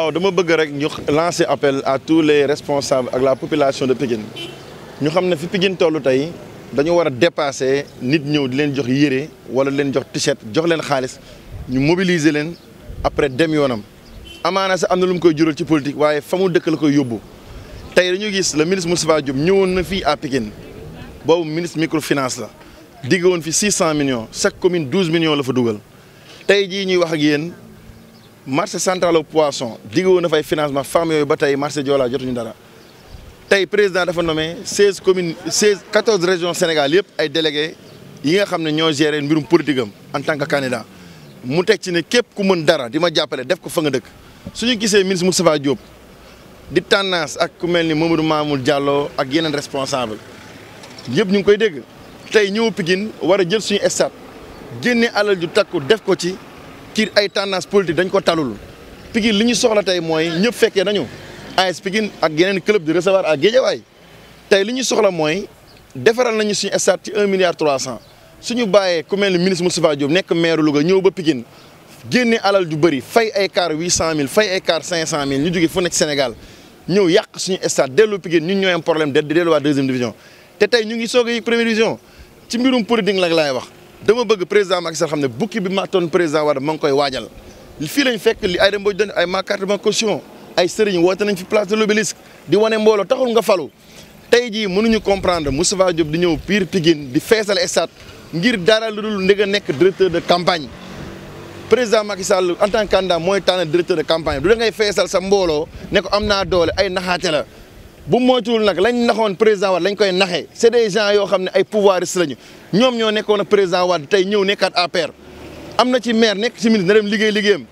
waaw dama bëgg rek ñu lancer appel à tous les responsables ak la population de Pikine ñu xam ne fi Pikine tollu tey dañu war a dépasser nit ñëw di leen jox yére wala di leen jox t-shirt jox leen xaalis ñu mobiliser leen après dem yoonam Amana, sax am na lu mu koy jural ci politique waaye fa mu dëkk la koy yóbbu tey dañu gis le ministre Moussa Diop ñëwoon na fii à Pikine boobu ministre microfinance la digg woon fi 600 millions chaque commune 12 millions la fa dugal tey jii ñuy wax ak yéen marché central au poisson digg woon na fay financement femmes yooyu ba tey marché Joola jotuñu dara Tay président dafa nommé 16 communes 16 14 régions Sénégal yépp ay délégués yi nga xamné ne ñoo géré mbirum politique en tant que candidat mu tek ci ne képp ku mën dara dima ma def ko fa nga dëkk suñu gissé ministre Moustapha Diop di tendance ak ku melni Mamadou Mamoul Diallo ak yeneen responsable Yépp ñu ngi koy dégg Tay ñëw pigine wara jël suñu stade génné alal ju takku def ko ci ci ay tendance politique dañ ko talul Pikine liñu soxla tay moy ñëpp fekkee nañu AS Pikine ak yeneen club de recevoir à Guédiaway tay liñu soxla moy defaral nañu suñu stade ci 1 milliard 300 suñu bàyyee ku mel ministre Moustapha Diop nek maire Louga ñew ba Pikine génné alal ju bëri fay ay car huit cent fay ay car cinq cent ñu jóge fu nek Sénégal ñew yaq suñu stade dellu Pikine ñun ñooy am problème de wa deuxième division té tay ñu ngi soog première division ci mbirum politique nag lay wax dama bëgg président Macky Sall xamne bukki bi ma ton président war mang koy wajal fi lañ fekk li ay rembo don ay ma carte ma caution ay serigne wota place de l'obélisque di wone mbolo taxul nga falu tay ji mënuñu comprendre Moussa Diop di ñëw pire pigine di fessel estate ngir dara lul ndega nek directeur de campagne président Macky Sall en tant que candidat moy tane directeur de campagne du ngay fessel sa mbolo ne ko amna doole ay naxate bu moytuwul nag lañ naxoon président Wade lañ koy naxee c'est des gens yoo xam ne ay pouvoiristes lañu ñoom ñoo nekkoon ak président Wade tey ñëw nekkaat APR am na ci maire nekk ci ministre na dem liggéey liggéeyam